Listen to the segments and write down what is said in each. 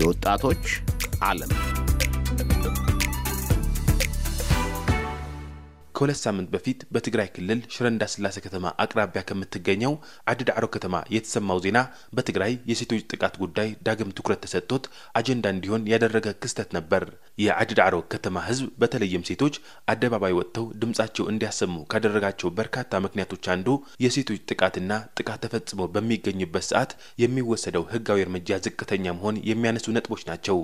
የወጣቶች ዓለም ከሁለት ሳምንት በፊት በትግራይ ክልል ሽረ እንዳስላሴ ከተማ አቅራቢያ ከምትገኘው አድድ አሮ ከተማ የተሰማው ዜና በትግራይ የሴቶች ጥቃት ጉዳይ ዳግም ትኩረት ተሰጥቶት አጀንዳ እንዲሆን ያደረገ ክስተት ነበር። የአድድ አሮ ከተማ ሕዝብ በተለይም ሴቶች አደባባይ ወጥተው ድምጻቸው እንዲያሰሙ ካደረጋቸው በርካታ ምክንያቶች አንዱ የሴቶች ጥቃትና ጥቃት ተፈጽሞ በሚገኝበት ሰዓት የሚወሰደው ሕጋዊ እርምጃ ዝቅተኛ መሆን የሚያነሱ ነጥቦች ናቸው።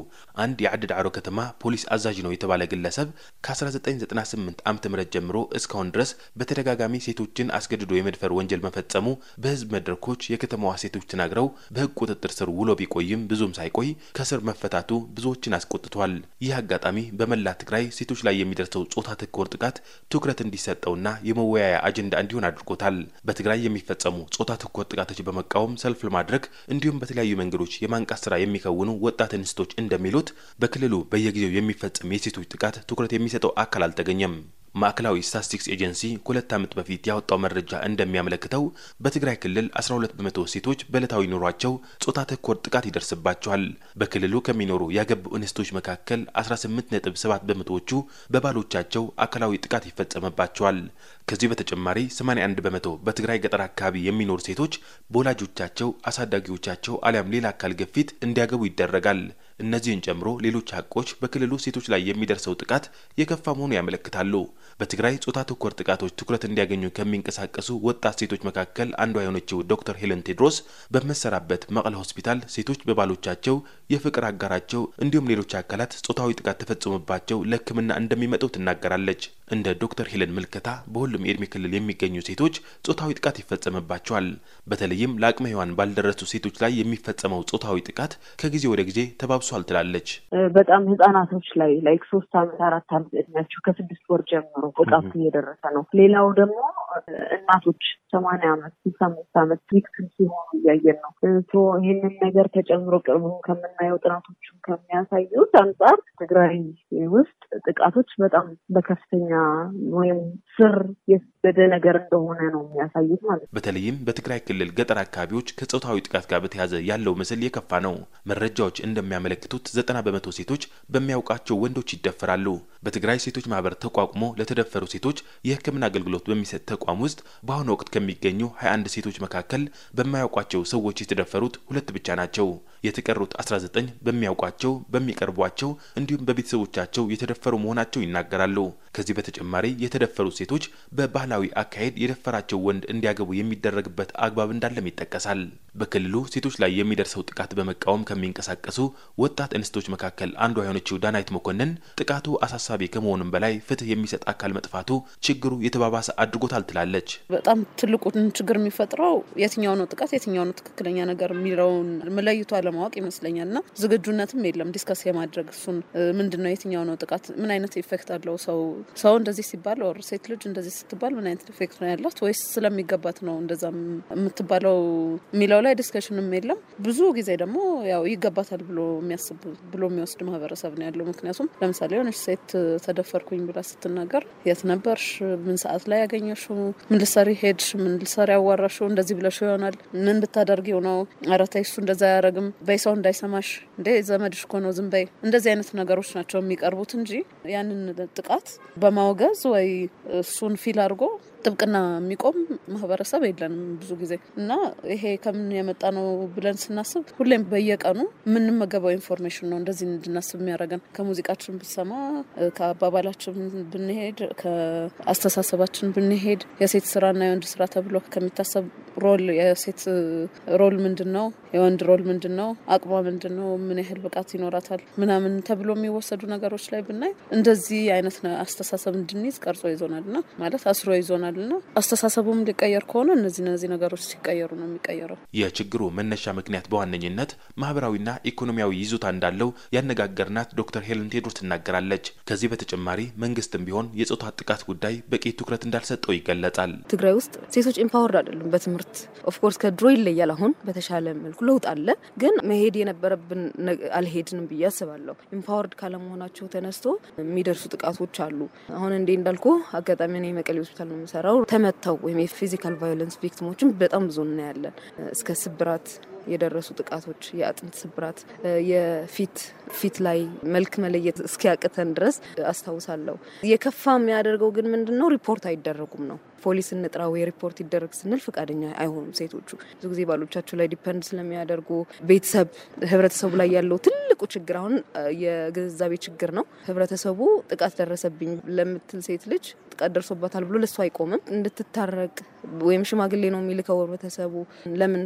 አንድ የአድድ አሮ ከተማ ፖሊስ አዛዥ ነው የተባለ ግለሰብ ከ1998 ዓ.ም ጀምሮ እስካሁን ድረስ በተደጋጋሚ ሴቶችን አስገድዶ የመድፈር ወንጀል መፈጸሙ በህዝብ መድረኮች የከተማዋ ሴቶች ተናግረው በህግ ቁጥጥር ስር ውሎ ቢቆይም ብዙም ሳይቆይ ከስር መፈታቱ ብዙዎችን አስቆጥቷል። ይህ አጋጣሚ በመላ ትግራይ ሴቶች ላይ የሚደርሰው ጾታ ተኮር ጥቃት ትኩረት እንዲሰጠውና የመወያያ አጀንዳ እንዲሆን አድርጎታል። በትግራይ የሚፈጸሙ ጾታ ተኮር ጥቃቶች በመቃወም ሰልፍ ለማድረግ እንዲሁም በተለያዩ መንገዶች የማንቃት ስራ የሚከውኑ ወጣት እንስቶች እንደሚሉት በክልሉ በየጊዜው የሚፈጸም የሴቶች ጥቃት ትኩረት የሚሰጠው አካል አልተገኘም። ማዕከላዊ ስታቲስቲክስ ኤጀንሲ ከሁለት ዓመት በፊት ያወጣው መረጃ እንደሚያመለክተው በትግራይ ክልል 12 በመቶ ሴቶች በዕለታዊ ኑሯቸው ጾታ ተኮር ጥቃት ይደርስባቸዋል። በክልሉ ከሚኖሩ ያገቡ እንስቶች መካከል 18.7 በመቶዎቹ በባሎቻቸው አካላዊ ጥቃት ይፈጸምባቸዋል። ከዚህ በተጨማሪ 81 በመቶ በትግራይ ገጠር አካባቢ የሚኖሩ ሴቶች በወላጆቻቸው አሳዳጊዎቻቸው አሊያም ሌላ አካል ግፊት እንዲያገቡ ይደረጋል። እነዚህን ጨምሮ ሌሎች ሀቆች በክልሉ ሴቶች ላይ የሚደርሰው ጥቃት የከፋ መሆኑ ያመለክታሉ። በትግራይ ጾታ ተኮር ጥቃቶች ትኩረት እንዲያገኙ ከሚንቀሳቀሱ ወጣት ሴቶች መካከል አንዷ የሆነችው ዶክተር ሄለን ቴድሮስ በመሰራበት መቀለ ሆስፒታል ሴቶች በባሎቻቸው፣ የፍቅር አጋራቸው እንዲሁም ሌሎች አካላት ጾታዊ ጥቃት ተፈጽሞባቸው ለሕክምና እንደሚመጡ ትናገራለች። እንደ ዶክተር ሄለን ምልከታ በሁሉም የእድሜ ክልል የሚገኙ ሴቶች ጾታዊ ጥቃት ይፈጸምባቸዋል። በተለይም ለአቅመ ሔዋን ባልደረሱ ሴቶች ላይ የሚፈጸመው ጾታዊ ጥቃት ከጊዜ ወደ ጊዜ ተባብሷል ትላለች። በጣም ህጻናቶች ላይ ላይክ ሶስት አመት አራት አመት እድሜያቸው ከስድስት ወር ጀምሮ ጥቃቱ እየደረሰ ነው። ሌላው ደግሞ እናቶች ሰማንያ አመት ስልሳ አምስት አመት ቪክቲም ሲሆኑ እያየን ነው። ይህንን ነገር ተጨምሮ ቅርቡ ከምናየው ጥናቶች ከሚያሳዩት አንጻር ትግራይ ውስጥ ጥቃቶች በጣም በከፍተኛ ወይም ስር የሰደደ ነገር እንደሆነ ነው የሚያሳዩት ማለት ነው። በተለይም በትግራይ ክልል ገጠር አካባቢዎች ከጾታዊ ጥቃት ጋር በተያያዘ ያለው ምስል የከፋ ነው። መረጃዎች እንደሚያመለክቱት ዘጠና በመቶ ሴቶች በሚያውቃቸው ወንዶች ይደፈራሉ። በትግራይ ሴቶች ማህበር ተቋቁሞ ለተደፈሩ ሴቶች የሕክምና አገልግሎት በሚሰጥ ተቋም ውስጥ በአሁኑ ወቅት ከሚገኙ 21 ሴቶች መካከል በማያውቋቸው ሰዎች የተደፈሩት ሁለት ብቻ ናቸው። የተቀሩት 19 በሚያውቋቸው፣ በሚቀርቧቸው እንዲሁም በቤተሰቦቻቸው የተደፈሩ መሆናቸው ይናገራሉ። ከዚህ በተጨማሪ የተደፈሩት ሴቶች በባህላዊ አካሄድ የደፈራቸው ወንድ እንዲያገቡ የሚደረግበት አግባብ እንዳለም ይጠቀሳል። በክልሉ ሴቶች ላይ የሚደርሰው ጥቃት በመቃወም ከሚንቀሳቀሱ ወጣት እንስቶች መካከል አንዷ የሆነችው ዳናይት መኮንን ጥቃቱ አሳሳ አሳሳቢ ከመሆኑም በላይ ፍትህ የሚሰጥ አካል መጥፋቱ ችግሩ የተባባሰ አድርጎታል ትላለች። በጣም ትልቁን ችግር የሚፈጥረው የትኛው ነው ጥቃት፣ የትኛው ነው ትክክለኛ ነገር የሚለውን መለይቶ አለማወቅ ይመስለኛል ና ዝግጁነትም የለም ዲስከስ የማድረግ እሱን ምንድን ነው የትኛው ነው ጥቃት፣ ምን አይነት ኢፌክት አለው ሰው ሰው እንደዚህ ሲባል ወር ሴት ልጅ እንደዚህ ስትባል ምን አይነት ኢፌክት ነው ያላት ወይስ ስለሚገባት ነው እንደዛ የምትባለው የሚለው ላይ ዲስከሽንም የለም። ብዙ ጊዜ ደግሞ ያው ይገባታል ብሎ የሚያስብ ብሎ የሚወስድ ማህበረሰብ ነው ያለው። ምክንያቱም ለምሳሌ የሆነች ሴት ተደፈርኩኝ ብላ ስትናገር የት ነበርሽ? ምን ሰዓት ላይ ያገኘሽው? ምን ልሰሪ ሄድሽ? ምን ልሰሪ ያዋራሽው? እንደዚህ ብለሽ ይሆናል። ምን ብታደርጊው ነው? ኧረ ተይ፣ እሱ እንደዛ አያረግም። በይ ሰው እንዳይሰማሽ እንዴ፣ ዘመድሽ እኮ ነው፣ ዝም በይ። እንደዚህ አይነት ነገሮች ናቸው የሚቀርቡት እንጂ ያንን ጥቃት በማውገዝ ወይ እሱን ፊል አድርጎ ጥብቅና የሚቆም ማህበረሰብ የለንም ብዙ ጊዜ እና ይሄ ከምን የመጣ ነው ብለን ስናስብ ሁሌም በየቀኑ የምንመገበው ኢንፎርሜሽን ነው እንደዚህ እንድናስብ የሚያደርገን። ከሙዚቃችን ብንሰማ፣ ከአባባላችን ብንሄድ፣ ከአስተሳሰባችን ብንሄድ የሴት ስራና የወንድ ስራ ተብሎ ከሚታሰብ ሮል የሴት ሮል ምንድን ነው? የወንድ ሮል ምንድን ነው? አቅሟ ምንድን ነው? ምን ያህል ብቃት ይኖራታል? ምናምን ተብሎ የሚወሰዱ ነገሮች ላይ ብናይ እንደዚህ አይነት አስተሳሰብ እንድንይዝ ቀርጾ ይዞናል እና ማለት አስሮ ይዞናል ይሆናል ና አስተሳሰቡም ሊቀየር ከሆነ እነዚህ እነዚህ ነገሮች ሲቀየሩ ነው የሚቀየረው። የችግሩ መነሻ ምክንያት በዋነኝነት ማህበራዊና ኢኮኖሚያዊ ይዞታ እንዳለው ያነጋገርናት ዶክተር ሄለን ቴድሮስ ትናገራለች። ከዚህ በተጨማሪ መንግስትም ቢሆን የጾታ ጥቃት ጉዳይ በቂ ትኩረት እንዳልሰጠው ይገለጻል። ትግራይ ውስጥ ሴቶች ኢምፓወርድ አይደሉም በትምህርት ኦፍኮርስ ከድሮ ይለያል። አሁን በተሻለ መልኩ ለውጥ አለ፣ ግን መሄድ የነበረብን አልሄድንም ብዬ አስባለሁ። ኢምፓወርድ ካለመሆናቸው ተነስቶ የሚደርሱ ጥቃቶች አሉ። አሁን እንዴ እንዳልኩ አጋጣሚ መቀሌ ሆስፒታል ነው የነበረው ተመተው ወይም የፊዚካል ቫዮለንስ ቪክቲሞችን በጣም ብዙ እናያለን እስከ ስብራት የደረሱ ጥቃቶች፣ የአጥንት ስብራት፣ የፊት ፊት ላይ መልክ መለየት እስኪያቅተን ድረስ አስታውሳለሁ። የከፋ የሚያደርገው ግን ምንድን ነው? ሪፖርት አይደረጉም ነው። ፖሊስ እንጥራ ወይ ሪፖርት ይደረግ ስንል ፈቃደኛ አይሆኑም። ሴቶቹ ብዙ ጊዜ ባሎቻቸው ላይ ዲፐንድ ስለሚያደርጉ ቤተሰብ፣ ህብረተሰቡ ላይ ያለው ትልቁ ችግር አሁን የግንዛቤ ችግር ነው። ህብረተሰቡ ጥቃት ደረሰብኝ ለምትል ሴት ልጅ ጥቃት ደርሶባታል ብሎ ለሱ አይቆምም። እንድትታረቅ ወይም ሽማግሌ ነው የሚልከው ህብረተሰቡ ለምን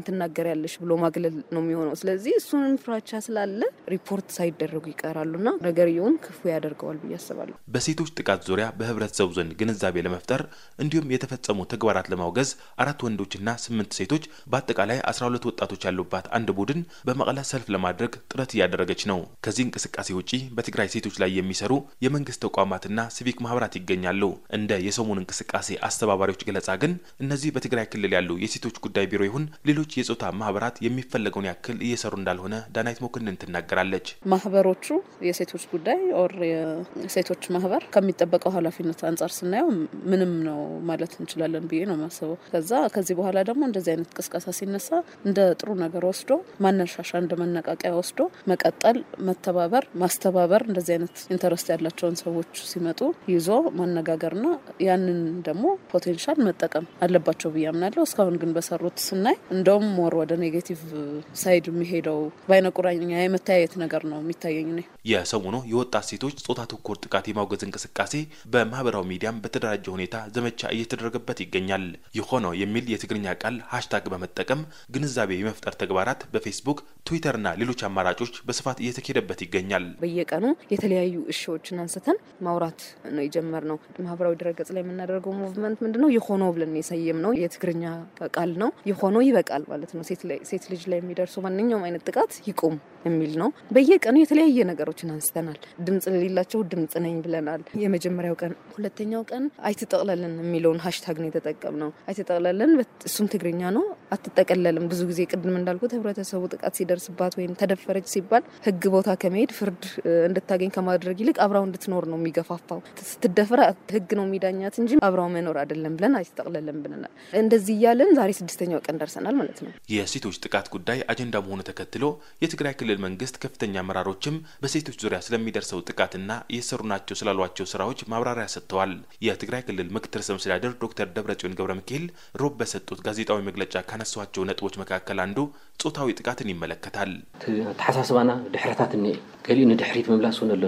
ያለሽ ብሎ ማግለል ነው የሚሆነው። ስለዚህ እሱንም ፍራቻ ስላለ ሪፖርት ሳይደረጉ ይቀራሉና ነገርየውን ክፉ ያደርገዋል ብዬ አስባለሁ። በሴቶች ጥቃት ዙሪያ በህብረተሰቡ ዘንድ ግንዛቤ ለመፍጠር እንዲሁም የተፈጸሙ ተግባራት ለማውገዝ አራት ወንዶችና ስምንት ሴቶች በአጠቃላይ አስራ ሁለት ወጣቶች ያሉባት አንድ ቡድን በመቀለ ሰልፍ ለማድረግ ጥረት እያደረገች ነው። ከዚህ እንቅስቃሴ ውጪ በትግራይ ሴቶች ላይ የሚሰሩ የመንግስት ተቋማትና ሲቪክ ማህበራት ይገኛሉ። እንደ የሰሞኑ እንቅስቃሴ አስተባባሪዎች ገለጻ ግን እነዚህ በትግራይ ክልል ያሉ የሴቶች ጉዳይ ቢሮ ይሁን ሌሎች የጾታ ማህበራት የሚ የሚፈለገውን ያክል እየሰሩ እንዳልሆነ ዳናይት ሞክንን ትናገራለች። ማህበሮቹ የሴቶች ጉዳይ ኦር የሴቶች ማህበር ከሚጠበቀው ኃላፊነት አንጻር ስናየው ምንም ነው ማለት እንችላለን ብዬ ነው የማስበው። ከዛ ከዚህ በኋላ ደግሞ እንደዚህ አይነት ቅስቀሳ ሲነሳ እንደ ጥሩ ነገር ወስዶ ማነሻሻ እንደ መነቃቂያ ወስዶ መቀጠል፣ መተባበር፣ ማስተባበር እንደዚህ አይነት ኢንተረስት ያላቸውን ሰዎች ሲመጡ ይዞ ማነጋገርና ያንን ደግሞ ፖቴንሻል መጠቀም አለባቸው ብዬ አምናለሁ። እስካሁን ግን በሰሩት ስናይ እንደውም ሞር ወደ ኔጌቲቭ ሳይድ የሚሄደው በአይነ ቁራኛ የመተያየት ነገር ነው የሚታየኝ ነ የሰሞኑ የወጣት ሴቶች ጾታ ተኮር ጥቃት የማውገዝ እንቅስቃሴ በማህበራዊ ሚዲያም በተደራጀ ሁኔታ ዘመቻ እየተደረገበት ይገኛል። ይሆነው የሚል የትግርኛ ቃል ሀሽታግ በመጠቀም ግንዛቤ የመፍጠር ተግባራት በፌስቡክ ትዊተርና ሌሎች አማራጮች በስፋት እየተካሄደበት ይገኛል። በየቀኑ የተለያዩ እሺዎችን አንስተን ማውራት ነው የጀመርነው። ማህበራዊ ድረገጽ ላይ የምናደርገው ሙቭመንት ምንድነው? የሆነው ብለን የሰየም ነው የትግርኛ ቃል ነው። የሆነው ይበቃል ማለት ነው ሴት ልጅ ላይ የሚደርሱ ማንኛውም አይነት ጥቃት ይቁም የሚል ነው። በየቀኑ የተለያየ ነገሮችን አንስተናል። ድምጽ ለሌላቸው ድምጽ ነኝ ብለናል። የመጀመሪያው ቀን፣ ሁለተኛው ቀን አይትጠቅለልን የሚለውን ሀሽታግ ነው የተጠቀምነው። አይትጠቅለልን እሱም ትግርኛ ነው። አትጠቀለልም። ብዙ ጊዜ ቅድም እንዳልኩት ህብረተሰቡ ጥቃት ሲደርስባት ወይም ተደፈረች ሲባል ህግ ቦታ ከመሄድ ፍርድ እንድታገኝ ከማድረግ ይልቅ አብራው እንድትኖር ነው የሚገፋፋው። ስትደፈራ ህግ ነው የሚዳኛት እንጂ አብራው መኖር አይደለም ብለን አይስጠቅለልም ብለናል። እንደዚህ እያለን ዛሬ ስድስተኛው ቀን ደርሰናል ማለት ነው። የሴቶች ጥቃት ጉዳይ አጀንዳ መሆኑ ተከትሎ የትግራይ ክልል መንግስት ከፍተኛ አመራሮችም በሴቶች ዙሪያ ስለሚደርሰው ጥቃትና እየሰሩ ናቸው ስላሏቸው ስራዎች ማብራሪያ ሰጥተዋል። የትግራይ ክልል ምክትል ርዕሰ መስተዳድር ዶክተር ደብረጽዮን ገብረ ሚካኤል ሮብ በሰጡት ጋዜጣዊ መግለጫ ካነሷቸው ነጥቦች መካከል አንዱ ፆታዊ ጥቃትን ይመለከታል። ተሓሳስባና ድሕረታት እኒአ ገሊኡ ንድሕሪት ምምላስ እውን ኣሎ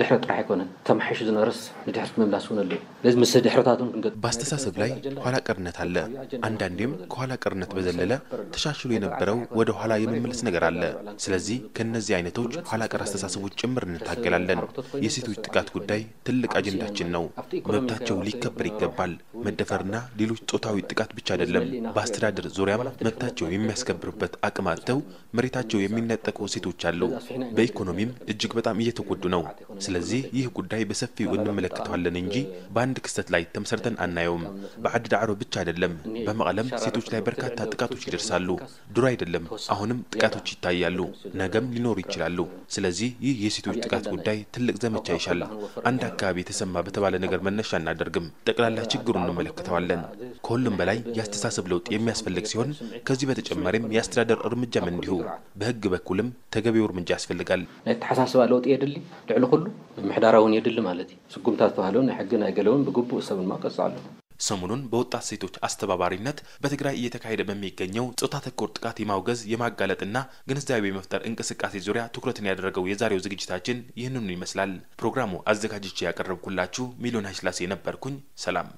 ድሕረት ጥራሕ ኣይኮነን ተማሒሹ ዝነበረስ ንድሕሪት ምምላስ እውን ኣሎ ነዚ ምስ ድሕረታት ን ክንገ በአስተሳሰብ ላይ ኋላ ቅርነት ኣለ አንዳንዴም ከኋላ ቅርነት በዘለለ ተሻሽሉ የነበረው ወደ ኋላ የመመለስ ነገር አለ። ስለዚ ከነዚህ አይነቶች ኋላ ቀር አስተሳሰቦች ጭምር እንታገላለን። የሴቶች ጥቃት ጉዳይ ትልቅ አጀንዳችን ነው። መብታቸው ሊከበር ይገባል። መደፈርና ሌሎች ፆታዊ ጥቃት ብቻ አይደለም፣ በአስተዳደር ዙሪያም መብታቸው የሚያስከብር የሚኖሩበት አቅም አጥተው መሬታቸው የሚነጠቁ ሴቶች አሉ። በኢኮኖሚም እጅግ በጣም እየተጎዱ ነው። ስለዚህ ይህ ጉዳይ በሰፊው እንመለከተዋለን እንጂ በአንድ ክስተት ላይ ተመሰርተን አናየውም። በአዲ ዳዕሮ ብቻ አይደለም፣ በመቀለም ሴቶች ላይ በርካታ ጥቃቶች ይደርሳሉ። ድሮ አይደለም፣ አሁንም ጥቃቶች ይታያሉ፣ ነገም ሊኖሩ ይችላሉ። ስለዚህ ይህ የሴቶች ጥቃት ጉዳይ ትልቅ ዘመቻ ይሻል። አንድ አካባቢ የተሰማ በተባለ ነገር መነሻ እናደርግም፣ ጠቅላላ ችግሩ እንመለከተዋለን። ከሁሉም በላይ የአስተሳሰብ ለውጥ የሚያስፈልግ ሲሆን ከዚህ በተጨማሪም የአስተዳደር እርምጃም እንዲሁ በህግ በኩልም ተገቢው እርምጃ ያስፈልጋል ናይ ተሓሳስባ ለውጢ የድሊ ልዕሊ ኩሉ ምሕዳራ እውን የድሊ ማለት እዩ ስጉምታት ተባህለ ናይ ሕጊ ናይ ገለውን ብግቡእ ሰብ ድማ ቀጽ ኣሎ ሰሞኑን በወጣት ሴቶች አስተባባሪነት በትግራይ እየተካሄደ በሚገኘው ጾታ ተኮር ጥቃት የማውገዝ የማጋለጥና ግንዛቤ የመፍጠር እንቅስቃሴ ዙሪያ ትኩረትን ያደረገው የዛሬው ዝግጅታችን ይህንኑ ይመስላል። ፕሮግራሙ አዘጋጅቼ ያቀረብኩላችሁ ሚሊዮን ኃይለሥላሴ የነበርኩኝ ሰላም።